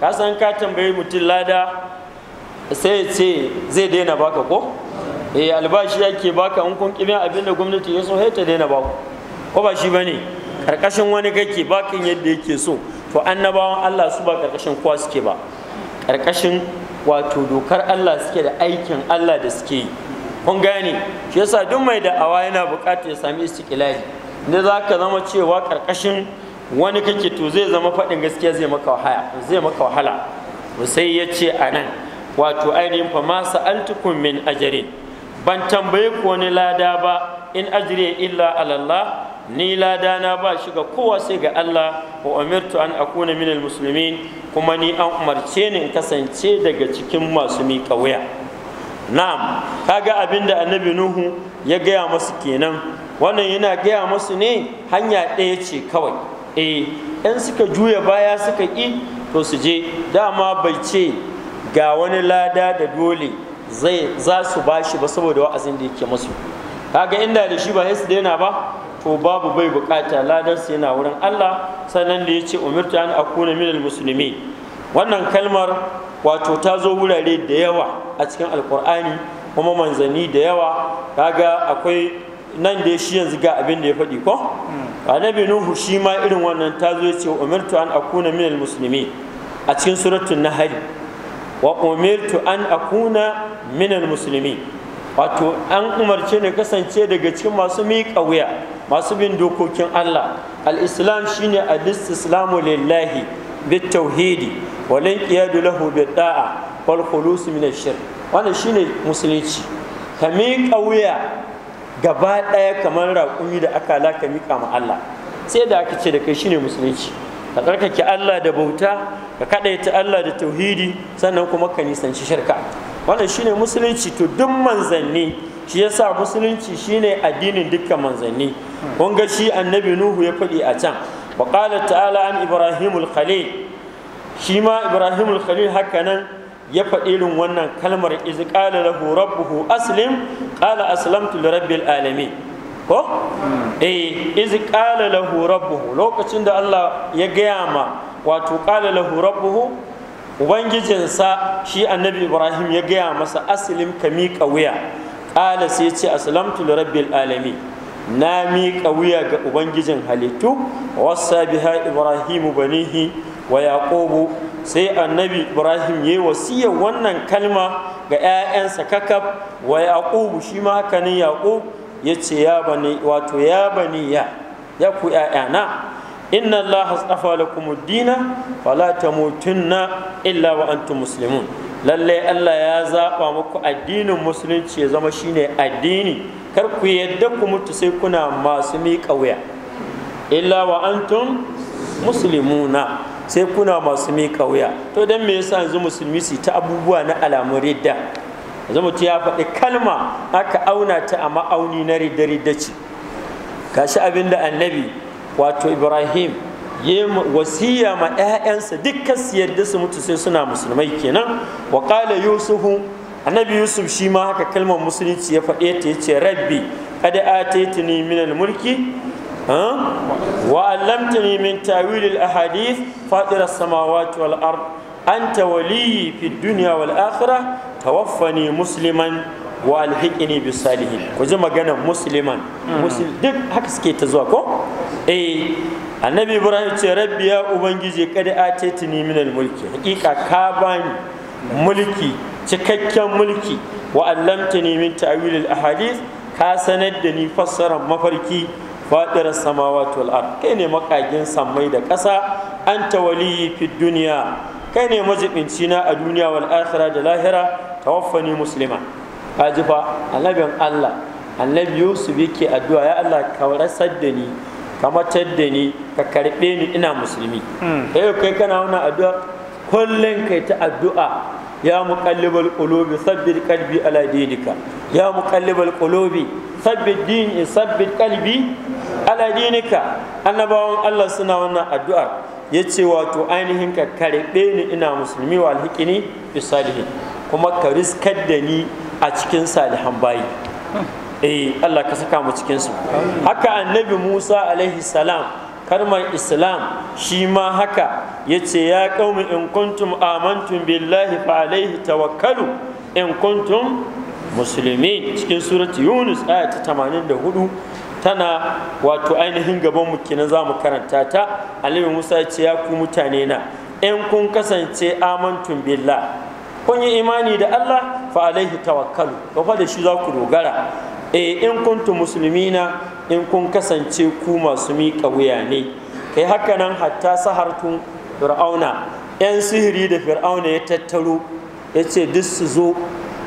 ka san ka tambaye mutum lada sai ya ce zai daina baka ko eh albashi yake baka in kun kimiya abin da gwamnati ya so sai ta daina baku ko ba shi bane karkashin wani kake bakin yadda yake so to annabawan Allah su ba karkashin kowa suke ba karkashin wato dokar Allah suke da aikin Allah da suke yi kun gane shi yasa duk mai da'awa yana bukata ya sami istiqlali ne za ka zama cewa karkashin wani kake to zai zama faɗin gaskiya zai maka wahala zai maka wahala sai ya ce anan. wato ainihin fa ma sa'altukum min ajrin ban tambaye ku wani lada ba in ajriya illa alallah ni lada na ba shi ga kowa sai ga Allah wa umirtu an akuna min almuslimin kuma ni an umarce ni in kasance daga cikin masu miƙa wuya na'am kaga abinda annabi nuhu ya gaya masu kenan wannan yana gaya masu ne hanya ɗaya ce kawai eh in suka juya baya suka ƙi to su je dama bai ce ga wani lada da dole zai za su ba shi ba saboda wa'azin da yake masu kaga inda da shi ba sai su daina ba to babu bai bukata ladarsu su yana wurin Allah sannan da yace umirtu an akuna minal musulmi wannan kalmar wato ta zo wurare da yawa a cikin alkur'ani kuma manzanni da yawa kaga akwai nan da shi yanzu ga abin da ya faɗi ko hmm. annabi nuhu shi ma irin wannan ta zo yace umirtu an akuna minal musulmi a cikin na hari. wa umirtu an akuna minal musulmi wato an umarce ne kasance daga cikin masu miƙa wuya masu bin dokokin Allah al-islam shine al-islamu lillahi bit tauhidi lan qiyadu lahu bid da'a wal khulus min ash-shirk wannan shine musulunci ka miƙa wuya gaba ɗaya kamar raƙumi da aka laka miƙa ma Allah sai da aka ce da kai shine musulunci ka tsarkake Allah da bauta ka kaɗaita Allah da tauhidi sannan kuma ka nisanci shirka wannan shine musulunci to duk manzanni shi yasa musulunci shine addinin dukkan manzanni kun ga shi annabi nuhu ya faɗi a can wa qala ta'ala an ibrahimul khalil shi ma ibrahimul khalil haka nan ya faɗi irin wannan kalmar iz qala lahu rabbuhu aslim qala aslamtu li rabbil alamin ko eh iz qala lahu rabbuhu lokacin da Allah ya gaya ma wato qala lahu rabbuhu ubangijinsa shi annabi Ibrahim ya gaya masa aslim ka miƙa wuya qala sai ya ce aslamtu li rabbil alamin na miƙa wuya ga ubangijin halittu wasa biha Ibrahim banihi wa yaqubu sai annabi ibrahim ya yi wannan kalma ga 'ya'yansa kakab wa yaqubu shi ma haka ne yaqub ya ce ya bani wato ya bani ya ya ku ‘ya'yana inna allaha tsafa lakum dina fala tamutunna illa wa antum muslimun lalle Allah ya zaɓa muku addinin musulunci ya zama shine addini kar ku yadda ku mutu sai kuna masu miƙa wuya illa wa antum muslimuna sai kuna masu miƙa wuya to dan me yasa yanzu musulmi su ta abubuwa na alamun ridda yanzu mutum ya faɗi kalma aka auna ta a ma'auni na ridda ce gashi abin da annabi wato ibrahim ya wasiya ma 'ya'yansa dukkan su yarda su mutu sai suna musulmai kenan wa qala yusufu annabi yusuf shi ma haka kalmar musulunci ya faɗe ta ce, rabbi kada ataytini min al-mulki wa allamtani min tawil al-ahadith fatir samawati wal ard anta waliyyi fid dunya wal akhirah tawaffani musliman wa ne bis salihin ku ji maganar musliman hmm. duk haka suke ta zuwa ko eh annabi ibrahim ce rabbi ya ubangiji kad atetini min mulki hakika ka bani mulki cikakken mulki wa allamtani min ta'wil al ahadith ka sanar da ni fassarar mafarki fadirar samawati wal ard kai ne makagin sammai da ƙasa anta waliyi fid duniya kai ne majibinci na a duniya wal akhirah da lahira tawaffani muslima ka annabin Allah annabi Yusuf yake addu'a ya Allah ka rasar da ni ka matar da ni ka karɓe ni ina musulmi eh kai kana wannan addu'a kullum kai ta addu'a ya muqallibal qulubi sabbit qalbi ala dinika ya muqallibal qulubi sabbit dini sabbit qalbi ala dinika annabawan Allah suna wannan addu'a yace wato ainihin ka karɓe ni ina musulmi wa alhiqini bisalihin kuma ka riskar da ni a cikin salihan bayi eh Allah ka saka mu cikin su haka annabi Musa alaihi salam kalmar islam shi ma haka ya ce ya kaumi in kuntum amantum billahi fa alaihi tawakkalu in kuntum Musulmi cikin surati yunus ayata 84 tana wato ainihin gaban mu kenan za mu karanta ta annabi musa ya ce ya ku mutane na in kun kasance amantun billah kun yi imani da Allah fa alaihi tawakkalu ko fa da shi za ku dogara eh in kuntum na in kun kasance ku masu miƙa wuya ne kai haka nan hatta sahartun fir'auna yan sihiri da fir'auna ya tattaro ya ce duk su zo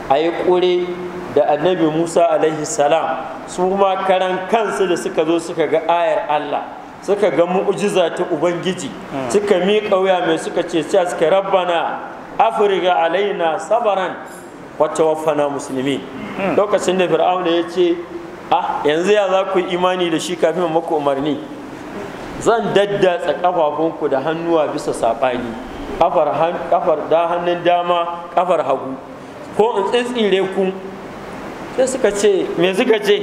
a yi ƙure da annabi musa alaihi salam su ma karan kansu da suka zo suka ga ayar allah suka ga mu'ujiza ta ubangiji hmm. suka miƙa wuya mai suka ce suka rabbana afirga alaina sabaran wacce wafana musulmi hmm. lokacin da fir'auna ya ce ah yanzu ya za ku yi imani da shi kafin maku umarni zan daddatsa kafafunku da hannuwa bisa saɓani kafar da hannun dama kafar hagu ko in tsintsire ku sai suka ce me suka ce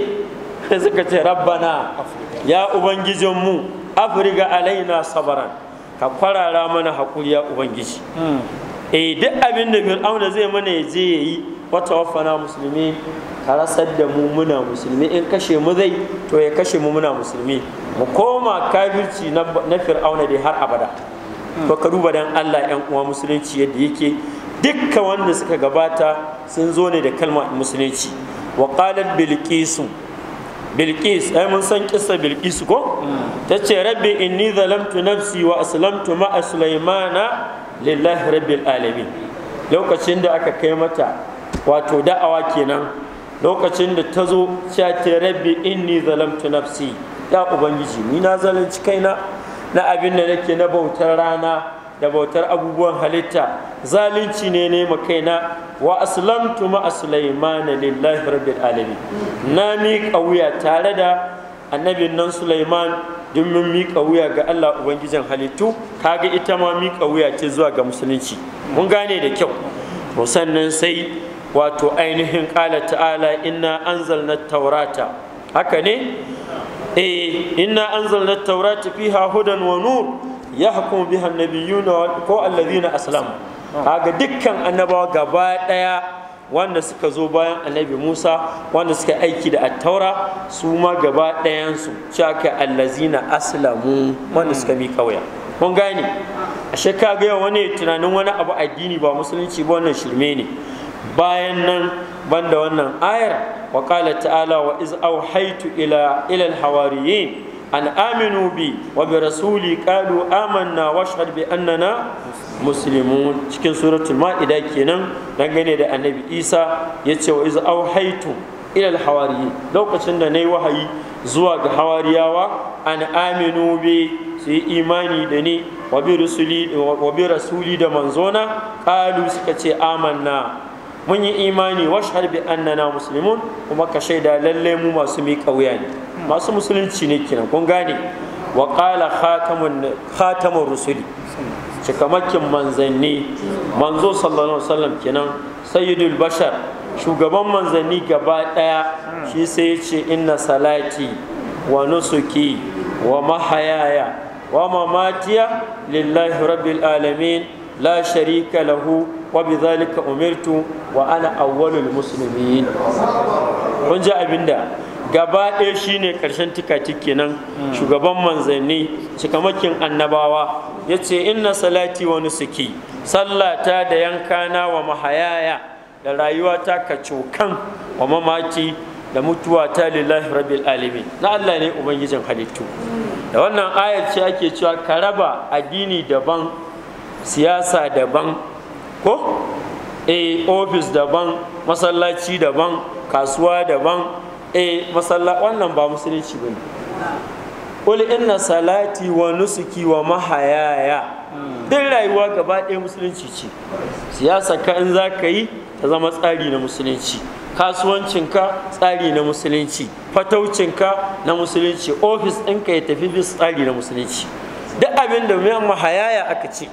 sai suka ce rabbana ya ubangijinmu afirga alaina sabaran ka kwarara mana hakuri ya ubangiji hmm. E duk abin da fir'auna zai mana ya je ya yi wata wafana musulmi ka rasar da mu muna musulmi in kashe mu zai to ya kashe mu muna musulmi mu koma kafirci na fir'auna dai har abada to ka duba dan Allah yan uwa musulunci yadda yake dukkan wanda suka gabata sun zo ne da kalma musulunci wa qalat bilqisu bilqis ai mun san kissa bilqis ko mm. tace rabbi inni zalamtu nafsi wa aslamtu ma'a sulaimana lillahi rabbil alamin lokacin da aka kai mata wato da'awa kenan lokacin da ta zo cewa ta rabbi inni zalamtu nafsi ya ubangiji ni na zalunci kaina na abin da nake na bautar rana da bautar abubuwan halitta zalunci ne ne kaina wa aslamtu ma sulaimana lillahi rabbil alamin na miƙa wuya tare da annabin nan Sulaiman din mun miƙa wuya ga Allah ubangijin halittu kaga ita ma miƙa wuya ce zuwa ga musulunci mun gane da kyau musannan sai wato ainihin ƙala ta'ala inna na taurata haka ne eh inna na taurata fi hudan wa nur yahkumu biha yunawa ko alladhina aslamu kaga dukkan annabawa gaba daya wanda suka zo bayan annabi musa wanda suka aiki da attaura su ma gaba ɗayansu shaka allazina aslamu wanda suka mi kauya kun gane a shekara ga wani tunanin wani abu addini ba musulunci ba wannan shirme ne bayan nan banda wannan ayar wa qala ta'ala wa iz awhaytu ila ila alhawariyin an aminu bi wa bi rasuli qalu amanna washhad bi annana muslimun cikin suratul ma'ida kenan dangane da annabi isa ya ce wa iz auhaitum ilal hawariyi lokacin da na yi wahayi zuwa ga hawariyawa an aminu bi su yi imani da ni wa bi rasuli da manzona ƙalu suka ce amanna mun yi imani washhar bi annana muslimun kuma ka shaida lallai mu masu mi kauya ne masu musulunci ne kenan kun gane wa qala khatamun rusuli cikamakin manzanni manzo sallallahu alaihi wasallam kenan sayyidul bashar shugaban manzanni gaba daya shi sai ya ce inna salati wa nusuki wa mahayaya wa mamatiya lillahi rabbil alamin la sharika lahu wa bidhalika umirtu wa ana awwalul muslimin kun ji abinda gaba ɗaya ne ƙarshen tikati kenan hmm. shugaban manzanni cikamakin annabawa ya ce inna salati wa nusuki sallata da yankana wa mahayaya da ta ka cokan wa mamaki da mutuwa ta lillahi rabbil alamin na Allah ne ubangijin halittu da wannan ayar ce ake cewa ka raba addini daban siyasa daban ko eh ofis daban masallaci daban kasuwa daban eh masalla wannan ba musulunci ba ne ƙuli ina salati wa nusuki wa mahayaya duk rayuwa gaba ɗaya musulunci ce siyasa ka in za ka yi ta zama tsari na musulunci kasuwancinka tsari na musulunci fataucinka na musulunci ofis ɗinka ya tafi bis tsari na musulunci duk abin da mai mahayaya aka ce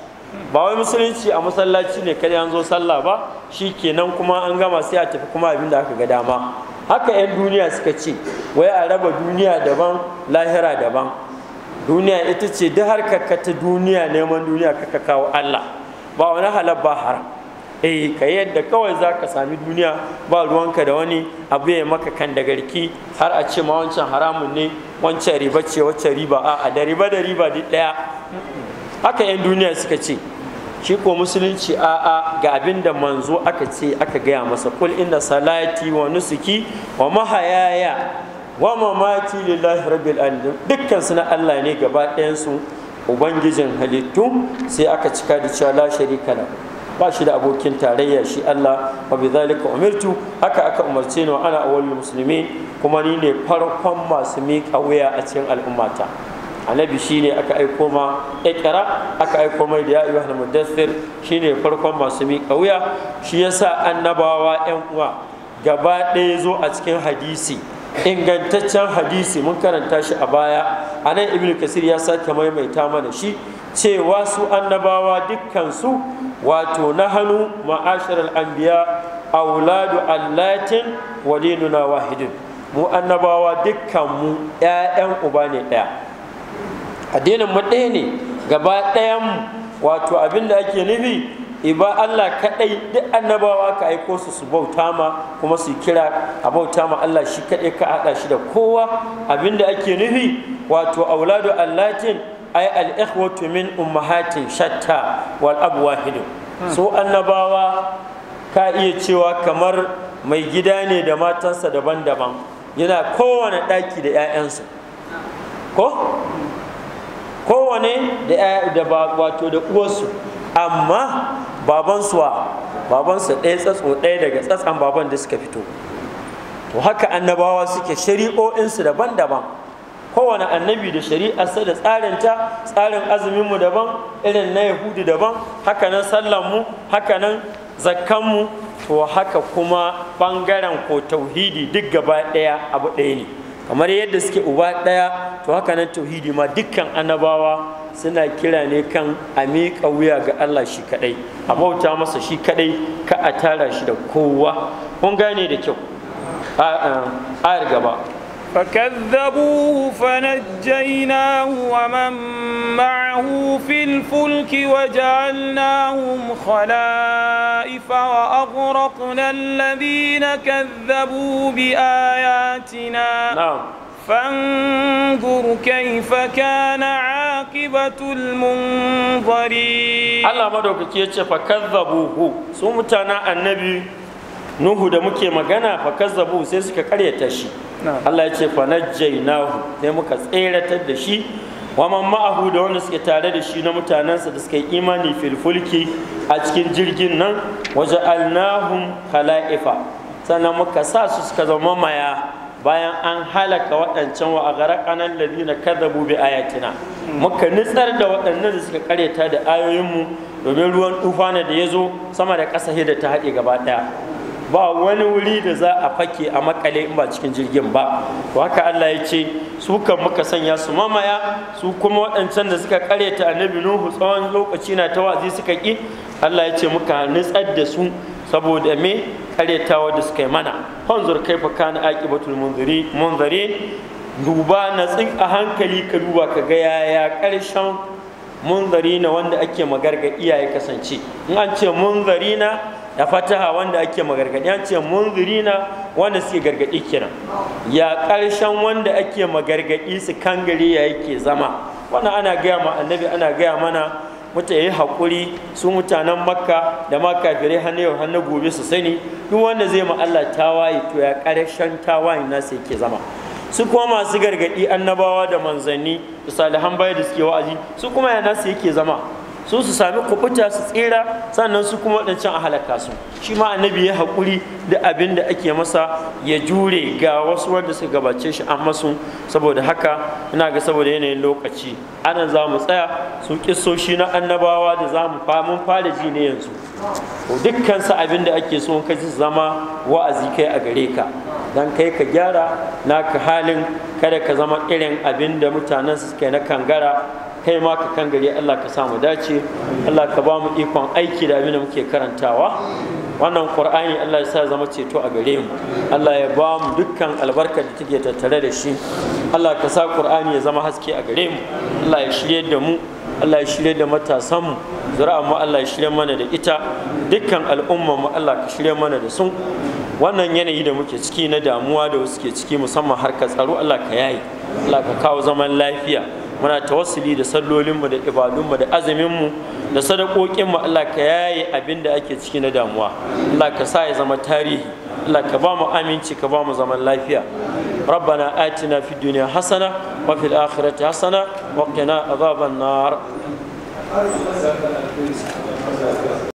ba wai musulunci a masallaci ne kada an zo sallah ba shi kenan kuma an gama sai a tafi kuma abin da aka ga dama haka 'yan duniya suka ce wai a raba duniya daban lahira daban duniya ita ce duk harkar ta duniya neman duniya ka kawo Allah ba wani halar ba haram eh ka yadda kawai za ka sami duniya ba ruwanka da wani abu ya maka kan da garki har a ce ma wancan haramun ne wancan riba ce wancan riba a da riba da riba duk ɗaya haka 'yan duniya suka ce shi ko musulunci a'a ga abin da manzo aka ce aka gaya masa kul inna salati wa nusuki wa mahayaya wa mamati lillahi rabbil alamin dukkan suna na Allah ne gaba ɗayan su ubangijin halittu sai aka cika da cewa la sharika la ba shi da abokin tarayya shi Allah wa bi zalika umirtu haka aka umarce ni wa ana awwalul muslimin kuma ni ne farkon masu miƙa wuya a cikin al'ummata annabi shine aka aiko ma ikra aka aiko mai da ya ayyuha mudassir shine farkon masu mi kauya shi yasa annabawa yan uwa gaba ɗaya zo a cikin hadisi ingantaccen hadisi mun karanta shi a baya anan nan kasir ya sake maimaita mana shi cewa su annabawa dukkansu wato na hannu ma'asharar anbiya auladu allatin waliduna wahidin mu annabawa dukkan mu 'ya'yan uba ne ɗaya addinin mu ɗaya ne gaba ɗayan wato abin da ake nufi iba Allah kaɗai duk annabawa ka aiko su su bauta ma kuma su kira a bauta ma Allah shi kaɗai ka haɗa shi da kowa abin da ake nufi wato auladu allatin ay al-ikhwatu min ummahatin shatta wal abu wahidu hmm. so annabawa ka iya cewa kamar mai gida ne da matansa daban-daban yana kowane ɗaki da 'ya'yansa ko kowane da wato da uwarsu amma babansu wa babansu ɗaya tsatso ɗaya daga tsatsan baban da suka fito to haka annabawa suke shari'o'insu daban-daban kowane annabi da shari'arsa da tsarinta tsarin azuminmu daban irin na yahudu daban hakanan sallanmu hakanan zakkanmu to haka kuma ɓangaren ko tauhidi duk gaba ɗaya abu ɗaya ne kamar yadda suke uba ɗaya to haka nan tauhidi ma dukkan annabawa suna kira ne kan a miƙa wuya ga Allah shi kaɗai a bauta masa shi kaɗai ka a tara shi da kowa kun gane da kyau a gaba فكذبوه فنجيناه ومن معه في الفلك وجعلناهم خلائف وأغرقنا الذين كذبوا بآياتنا نعم فانظر كيف كان عاقبة المنظرين الله مدوك كيتش فكذبوه سمتنا النبي نوح دمك مغانا فكذبوه سيسك كريتشي Allah ya ce fa najjaynahu sai muka tseratar da shi wa man ma'ahu da wanda suke tare da shi na mutanensa da suka yi imani fil fulki a cikin jirgin nan waje alnahum khala'ifa sannan muka sa su suka zama maya bayan an halaka waɗancan wa agharaqana alladhina kadhabu bi ayatina hmm. muka nitsar da waɗannan da suka karyata da ayoyinmu domin ruwan tufana da ya zo sama da ƙasa da ta haɗe gaba ɗaya ba wani wuri da za a fake a makale in ba cikin jirgin ba to haka Allah ya ce su kan muka sanya su mamaya su kuma waɗancan da suka ta annabi nuhu tsawon lokaci na ta wazi suka ki Allah ya ce muka nutsar da su saboda me ƙaryatawa da suka yi mana hanzur fa kana aqibatul munziri munziri duba na tsin a hankali ka duba ka ga yaya karshen munzari na wanda ake magarga iyaye kasance in an ce munzari na da fataha wanda ake magargadi an ce munzirina wanda suke gargadi kenan ya karshen wanda ake magargadi su kangare ya yake zama wannan ana gaya ma annabi ana gaya mana yi hakuri su mutanen makka da ma kafirai hannu yau hannu gobe su sani duk wanda zai ma Allah tawaye to ya ƙarshen tawayen nasa yake zama su kuma masu gargadi annabawa da manzanni da salihan bai da suke wa'azi su kuma ya nasu yake zama su su sami kubuta su tsira sannan su kuma waɗancan a halaka su shi ma annabi ya haƙuri da abin da ake masa ya jure ga wasu wanda suka gabace shi an masu saboda haka ina ga saboda yanayin lokaci anan za mu tsaya su shi na annabawa da za mu mun fara ji ne yanzu dukkan abin da ake so ka ji zama wa'azi kai a gare ka dan kai ka gyara naka halin kada ka zama irin abin da mutanen su suke na kangara kai ma ka kan gari Allah ka samu dace Allah ka ba mu ikon aiki da abin da muke karantawa wannan qur'ani Allah ya sa zama ceto a gare mu Allah ya ba mu dukkan albarkar da take tattare da shi Allah ka sa qur'ani ya zama haske a gare mu Allah ya shirye da mu Allah ya shirye da matasan mu zura'a mu Allah ya shirye mana da ita dukkan al'umma mu Allah ka shirye mana da su wannan yanayi da muke ciki na damuwa da wasu ke ciki musamman harkar tsaro Allah ka yayi Allah ka kawo zaman lafiya muna tawassuli da sallolinmu da ibadunmu da azuminmu da sadakokinmu Allah ka yaye abin da ake ciki na damuwa Allah ka sa ya zama tarihi Allah ka ba mu aminci ka ba mu zaman lafiya ربنا آتنا في الدنيا حسنة وفي الآخرة حسنة وقنا عذاب النار